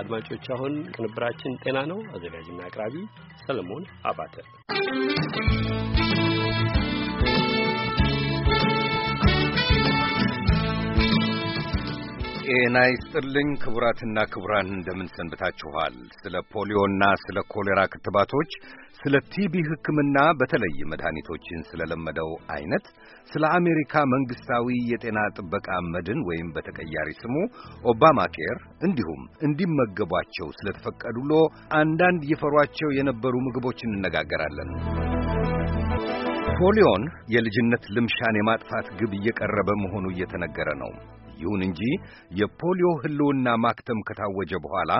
አድማጮች አሁን ቅንብራችን ጤና ነው። አዘጋጅና አቅራቢ ሰለሞን አባተ ጤና ይስጥልኝ ክቡራትና ክቡራን፣ እንደምን ሰንብታችኋል? ስለ ፖሊዮና ስለ ኮሌራ ክትባቶች፣ ስለ ቲቢ ሕክምና በተለይ መድኃኒቶችን ስለለመደው አይነት፣ ስለ አሜሪካ መንግሥታዊ የጤና ጥበቃ መድን ወይም በተቀያሪ ስሙ ኦባማ ኬር፣ እንዲሁም እንዲመገቧቸው ስለተፈቀዱሎ አንዳንድ ይፈሯቸው የነበሩ ምግቦች እንነጋገራለን። ፖሊዮን የልጅነት ልምሻን የማጥፋት ግብ እየቀረበ መሆኑ እየተነገረ ነው። ይሁን እንጂ የፖሊዮ ሕልውና ማክተም ከታወጀ በኋላ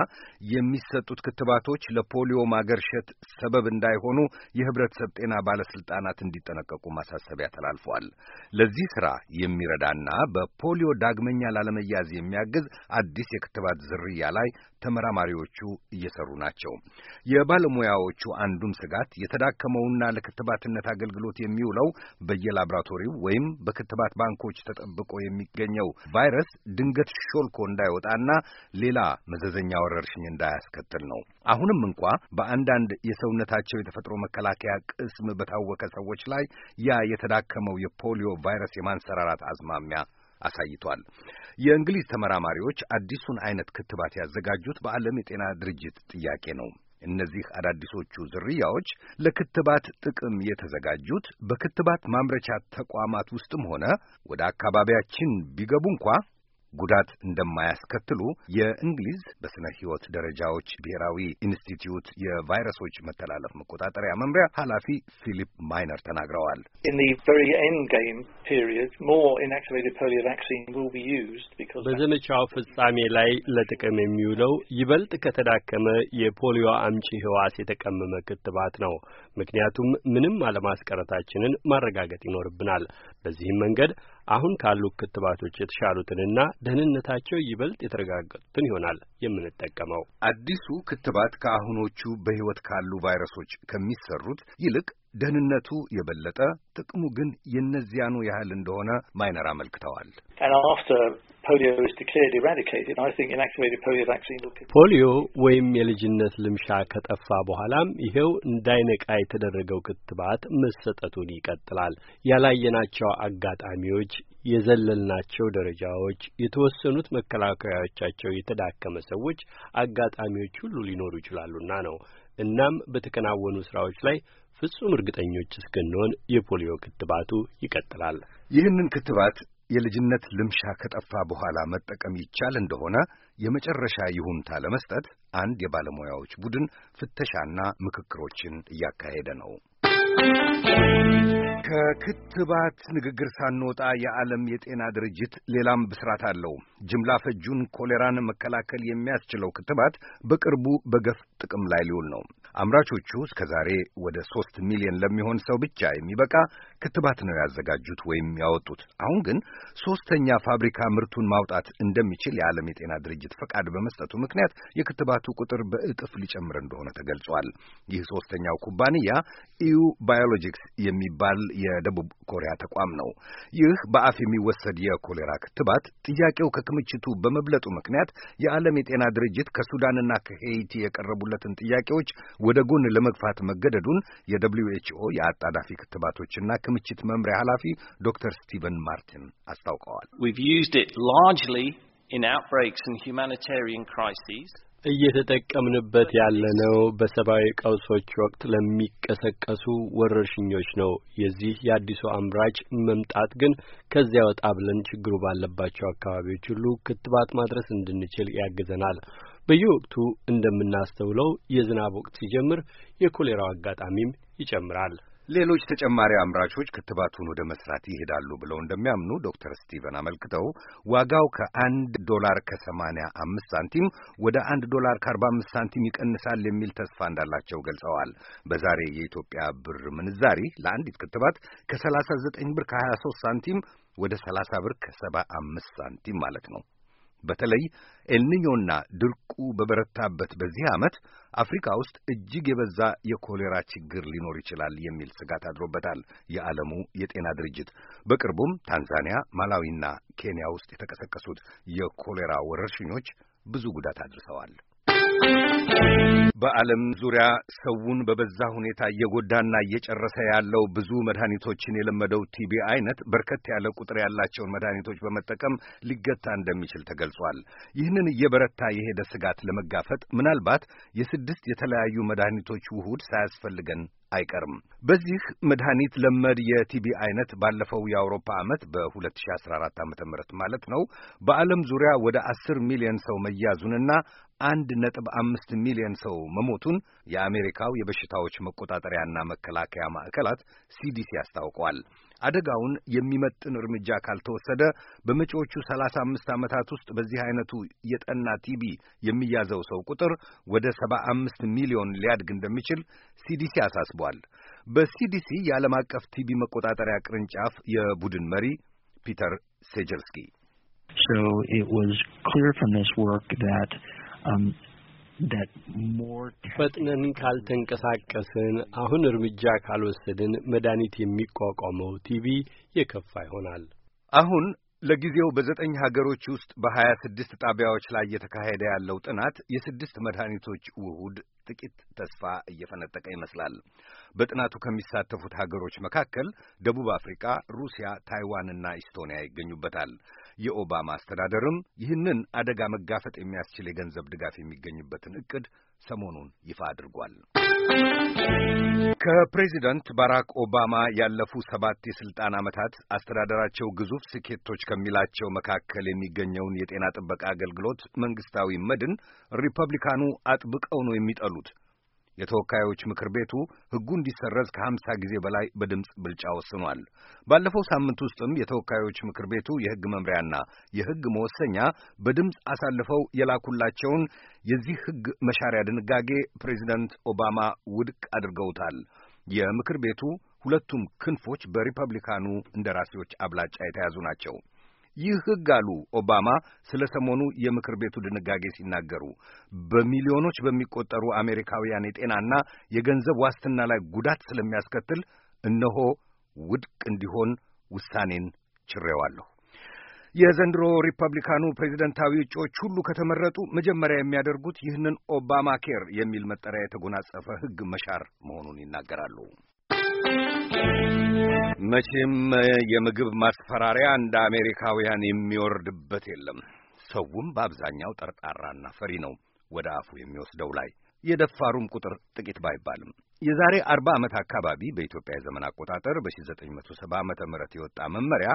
የሚሰጡት ክትባቶች ለፖሊዮ ማገርሸት ሰበብ እንዳይሆኑ የህብረተሰብ ጤና ባለስልጣናት እንዲጠነቀቁ ማሳሰቢያ ተላልፏል። ለዚህ ስራ የሚረዳና በፖሊዮ ዳግመኛ ላለመያዝ የሚያግዝ አዲስ የክትባት ዝርያ ላይ ተመራማሪዎቹ እየሰሩ ናቸው። የባለሙያዎቹ አንዱም ስጋት የተዳከመውና ለክትባትነት አገልግሎት የሚውለው በየላብራቶሪው ወይም በክትባት ባንኮች ተጠብቆ የሚገኘው ቫይረስ ድንገት ሾልኮ እንዳይወጣና ሌላ መዘዘኛ ወረርሽኝ እንዳያስከትል ነው። አሁንም እንኳ በአንዳንድ የሰውነታቸው የተፈጥሮ መከላከያ ቅስም በታወቀ ሰዎች ላይ ያ የተዳከመው የፖሊዮ ቫይረስ የማንሰራራት አዝማሚያ አሳይቷል። የእንግሊዝ ተመራማሪዎች አዲሱን አይነት ክትባት ያዘጋጁት በዓለም የጤና ድርጅት ጥያቄ ነው። እነዚህ አዳዲሶቹ ዝርያዎች ለክትባት ጥቅም የተዘጋጁት በክትባት ማምረቻ ተቋማት ውስጥም ሆነ ወደ አካባቢያችን ቢገቡ እንኳ ጉዳት እንደማያስከትሉ የእንግሊዝ በስነ ህይወት ደረጃዎች ብሔራዊ ኢንስቲትዩት የቫይረሶች መተላለፍ መቆጣጠሪያ መምሪያ ኃላፊ ፊሊፕ ማይነር ተናግረዋል። በዘመቻው ፍጻሜ ላይ ለጥቅም የሚውለው ይበልጥ ከተዳከመ የፖሊዮ አምጪ ህዋስ የተቀመመ ክትባት ነው። ምክንያቱም ምንም አለማስቀረታችንን ማረጋገጥ ይኖርብናል። በዚህም መንገድ አሁን ካሉ ክትባቶች የተሻሉትንና ደህንነታቸው ይበልጥ የተረጋገጡትን ይሆናል የምንጠቀመው። አዲሱ ክትባት ከአሁኖቹ በሕይወት ካሉ ቫይረሶች ከሚሰሩት ይልቅ ደህንነቱ የበለጠ ጥቅሙ ግን የእነዚያኑ ያህል እንደሆነ ማይነር አመልክተዋል። ፖሊዮ ወይም የልጅነት ልምሻ ከጠፋ በኋላም ይሄው እንዳይነቃ የተደረገው ክትባት መሰጠቱን ይቀጥላል። ያላየናቸው አጋጣሚዎች፣ የዘለልናቸው ደረጃዎች፣ የተወሰኑት መከላከያዎቻቸው የተዳከመ ሰዎች አጋጣሚዎች ሁሉ ሊኖሩ ይችላሉና ነው። እናም በተከናወኑ ስራዎች ላይ ፍጹም እርግጠኞች እስክንሆን የፖሊዮ ክትባቱ ይቀጥላል። ይህንን ክትባት የልጅነት ልምሻ ከጠፋ በኋላ መጠቀም ይቻል እንደሆነ የመጨረሻ ይሁንታ ለመስጠት አንድ የባለሙያዎች ቡድን ፍተሻና ምክክሮችን እያካሄደ ነው። ከክትባት ንግግር ሳንወጣ የዓለም የጤና ድርጅት ሌላም ብስራት አለው። ጅምላ ፈጁን ኮሌራን መከላከል የሚያስችለው ክትባት በቅርቡ በገፍ ጥቅም ላይ ሊውል ነው። አምራቾቹ እስከ ዛሬ ወደ ሶስት ሚሊዮን ለሚሆን ሰው ብቻ የሚበቃ ክትባት ነው ያዘጋጁት ወይም ያወጡት። አሁን ግን ሶስተኛ ፋብሪካ ምርቱን ማውጣት እንደሚችል የዓለም የጤና ድርጅት ፈቃድ በመስጠቱ ምክንያት የክትባቱ ቁጥር በእጥፍ ሊጨምር እንደሆነ ተገልጿል። ይህ ሶስተኛው ኩባንያ ኢዩ ባዮሎጂክስ የሚባል የደቡብ ኮሪያ ተቋም ነው። ይህ በአፍ የሚወሰድ የኮሌራ ክትባት ጥያቄው ከክምችቱ በመብለጡ ምክንያት የዓለም የጤና ድርጅት ከሱዳንና ከሄይቲ የቀረቡለትን ጥያቄዎች ወደ ጎን ለመግፋት መገደዱን የደብሊው ኤችኦ የአጣዳፊ ክትባቶችና ክምችት መምሪያ ኃላፊ ዶክተር ስቲቨን ማርቲን አስታውቀዋል። እየተጠቀምንበት ያለነው በሰብአዊ ቀውሶች ወቅት ለሚቀሰቀሱ ወረርሽኞች ነው። የዚህ የአዲሱ አምራች መምጣት ግን ከዚያ ወጣ ብለን ችግሩ ባለባቸው አካባቢዎች ሁሉ ክትባት ማድረስ እንድንችል ያግዘናል። በየወቅቱ እንደምናስተውለው የዝናብ ወቅት ሲጀምር የኮሌራው አጋጣሚም ይጨምራል። ሌሎች ተጨማሪ አምራቾች ክትባቱን ወደ መስራት ይሄዳሉ ብለው እንደሚያምኑ ዶክተር ስቲቨን አመልክተው ዋጋው ከአንድ ዶላር ከሰማንያ አምስት ሳንቲም ወደ አንድ ዶላር ከአርባ አምስት ሳንቲም ይቀንሳል የሚል ተስፋ እንዳላቸው ገልጸዋል። በዛሬ የኢትዮጵያ ብር ምንዛሪ ለአንዲት ክትባት ከሰላሳ ዘጠኝ ብር ከሀያ ሶስት ሳንቲም ወደ ሰላሳ ብር ከሰባ አምስት ሳንቲም ማለት ነው። በተለይ ኤልኒኞና ድርቁ በበረታበት በዚህ ዓመት አፍሪካ ውስጥ እጅግ የበዛ የኮሌራ ችግር ሊኖር ይችላል የሚል ስጋት አድሮበታል የዓለሙ የጤና ድርጅት። በቅርቡም ታንዛኒያ፣ ማላዊና ኬንያ ውስጥ የተቀሰቀሱት የኮሌራ ወረርሽኞች ብዙ ጉዳት አድርሰዋል። በዓለም ዙሪያ ሰውን በበዛ ሁኔታ እየጎዳና እየጨረሰ ያለው ብዙ መድኃኒቶችን የለመደው ቲቢ አይነት በርከት ያለ ቁጥር ያላቸውን መድኃኒቶች በመጠቀም ሊገታ እንደሚችል ተገልጿል። ይህንን እየበረታ የሄደ ስጋት ለመጋፈጥ ምናልባት የስድስት የተለያዩ መድኃኒቶች ውሁድ ሳያስፈልገን አይቀርም። በዚህ መድኃኒት ለመድ የቲቢ አይነት ባለፈው የአውሮፓ ዓመት በ2014 ዓ ም ማለት ነው በዓለም ዙሪያ ወደ አስር ሚሊዮን ሰው መያዙንና አንድ ነጥብ አምስት ሚሊዮን ሰው መሞቱን የአሜሪካው የበሽታዎች መቆጣጠሪያና መከላከያ ማዕከላት ሲዲሲ አስታውቋል። አደጋውን የሚመጥን እርምጃ ካልተወሰደ በመጪዎቹ ሰላሳ አምስት ዓመታት ውስጥ በዚህ አይነቱ የጠና ቲቢ የሚያዘው ሰው ቁጥር ወደ ሰባ አምስት ሚሊዮን ሊያድግ እንደሚችል ሲዲሲ አሳስቧል። በሲዲሲ የዓለም አቀፍ ቲቢ መቆጣጠሪያ ቅርንጫፍ የቡድን መሪ ፒተር ሴጀርስኪ So it was clear from this work that Um, ፈጥነን ካልተንቀሳቀስን፣ አሁን እርምጃ ካልወሰድን መድኃኒት የሚቋቋመው ቲቪ የከፋ ይሆናል። አሁን ለጊዜው በዘጠኝ ሀገሮች ውስጥ በሀያ ስድስት ጣቢያዎች ላይ እየተካሄደ ያለው ጥናት የስድስት መድኃኒቶች ውሁድ ጥቂት ተስፋ እየፈነጠቀ ይመስላል። በጥናቱ ከሚሳተፉት ሀገሮች መካከል ደቡብ አፍሪካ፣ ሩሲያ፣ ታይዋንና ኢስቶኒያ ይገኙበታል። የኦባማ አስተዳደርም ይህንን አደጋ መጋፈጥ የሚያስችል የገንዘብ ድጋፍ የሚገኝበትን እቅድ ሰሞኑን ይፋ አድርጓል። ከፕሬዚደንት ባራክ ኦባማ ያለፉ ሰባት የሥልጣን ዓመታት አስተዳደራቸው ግዙፍ ስኬቶች ከሚላቸው መካከል የሚገኘውን የጤና ጥበቃ አገልግሎት መንግሥታዊ መድን ሪፐብሊካኑ አጥብቀው ነው የሚጠሉት። የተወካዮች ምክር ቤቱ ሕጉ እንዲሰረዝ ከሀምሳ ጊዜ በላይ በድምፅ ብልጫ ወስኗል። ባለፈው ሳምንት ውስጥም የተወካዮች ምክር ቤቱ የሕግ መምሪያና የሕግ መወሰኛ በድምፅ አሳልፈው የላኩላቸውን የዚህ ሕግ መሻሪያ ድንጋጌ ፕሬዚደንት ኦባማ ውድቅ አድርገውታል። የምክር ቤቱ ሁለቱም ክንፎች በሪፐብሊካኑ እንደራሴዎች አብላጫ የተያዙ ናቸው። ይህ ሕግ አሉ ኦባማ ስለ ሰሞኑ የምክር ቤቱ ድንጋጌ ሲናገሩ በሚሊዮኖች በሚቆጠሩ አሜሪካውያን የጤናና የገንዘብ ዋስትና ላይ ጉዳት ስለሚያስከትል እነሆ ውድቅ እንዲሆን ውሳኔን ችሬዋለሁ። የዘንድሮ ሪፐብሊካኑ ፕሬዚደንታዊ እጩዎች ሁሉ ከተመረጡ መጀመሪያ የሚያደርጉት ይህንን ኦባማ ኬር የሚል መጠሪያ የተጎናጸፈ ሕግ መሻር መሆኑን ይናገራሉ። መቼም የምግብ ማስፈራሪያ እንደ አሜሪካውያን የሚወርድበት የለም። ሰውም በአብዛኛው ጠርጣራና ፈሪ ነው ወደ አፉ የሚወስደው ላይ የደፋሩም ቁጥር ጥቂት ባይባልም የዛሬ አርባ ዓመት አካባቢ በኢትዮጵያ የዘመን አቆጣጠር በ1970 ዓመተ ምህረት የወጣ መመሪያ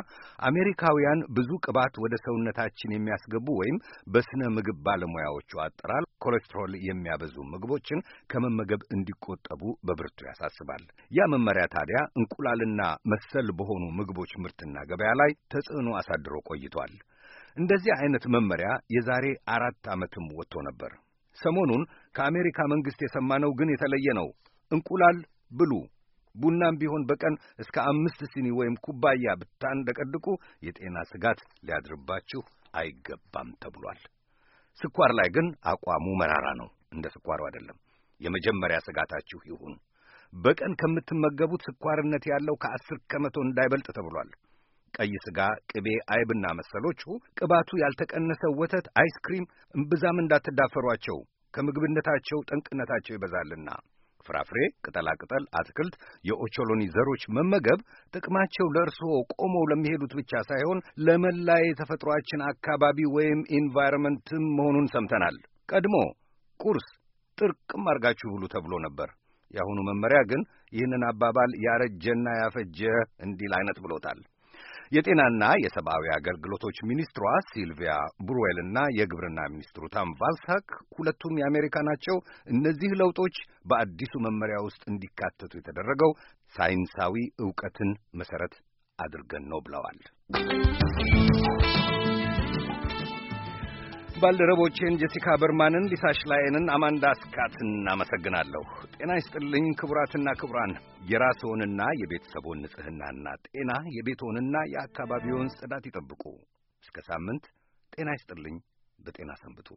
አሜሪካውያን ብዙ ቅባት ወደ ሰውነታችን የሚያስገቡ ወይም በስነ ምግብ ባለሙያዎቹ አጠራር ኮሌስትሮል የሚያበዙ ምግቦችን ከመመገብ እንዲቆጠቡ በብርቱ ያሳስባል። ያ መመሪያ ታዲያ እንቁላልና መሰል በሆኑ ምግቦች ምርትና ገበያ ላይ ተጽዕኖ አሳድሮ ቆይቷል። እንደዚህ አይነት መመሪያ የዛሬ አራት ዓመትም ወጥቶ ነበር። ሰሞኑን ከአሜሪካ መንግሥት የሰማነው ግን የተለየ ነው። እንቁላል ብሉ፣ ቡናም ቢሆን በቀን እስከ አምስት ሲኒ ወይም ኩባያ ብታንደቀድቁ የጤና ስጋት ሊያድርባችሁ አይገባም ተብሏል። ስኳር ላይ ግን አቋሙ መራራ ነው። እንደ ስኳሩ አይደለም። የመጀመሪያ ስጋታችሁ ይሁን። በቀን ከምትመገቡት ስኳርነት ያለው ከአስር ከመቶ እንዳይበልጥ ተብሏል። ቀይ ስጋ፣ ቅቤ፣ አይብና መሰሎቹ፣ ቅባቱ ያልተቀነሰ ወተት፣ አይስክሪም እምብዛም እንዳትዳፈሯቸው ከምግብነታቸው ጠንቅነታቸው ይበዛልና። ፍራፍሬ፣ ቅጠላቅጠል፣ አትክልት፣ የኦቾሎኒ ዘሮች መመገብ ጥቅማቸው ለእርስዎ ቆመው ለሚሄዱት ብቻ ሳይሆን ለመላ የተፈጥሯችን አካባቢ ወይም ኢንቫይሮንመንትም መሆኑን ሰምተናል። ቀድሞ ቁርስ ጥርቅም አርጋችሁ ብሉ ተብሎ ነበር። የአሁኑ መመሪያ ግን ይህንን አባባል ያረጀና ያፈጀ እንዲል አይነት ብሎታል። የጤናና የሰብአዊ አገልግሎቶች ሚኒስትሯ ሲልቪያ ብሩዌል እና የግብርና ሚኒስትሩ ታም ቫልሳክ ሁለቱም የአሜሪካ ናቸው። እነዚህ ለውጦች በአዲሱ መመሪያ ውስጥ እንዲካተቱ የተደረገው ሳይንሳዊ እውቀትን መሰረት አድርገን ነው ብለዋል። ባልደረቦቼን ጄሲካ በርማንን፣ ሊሳሽ ላይንን፣ አማንዳ ስካትን አመሰግናለሁ። ጤና ይስጥልኝ ክቡራትና ክቡራን። የራስዎንና የቤተሰቦን ንጽህናና ጤና፣ የቤትዎንና የአካባቢውን ጽዳት ይጠብቁ። እስከ ሳምንት ጤና ይስጥልኝ። በጤና ሰንብቱ።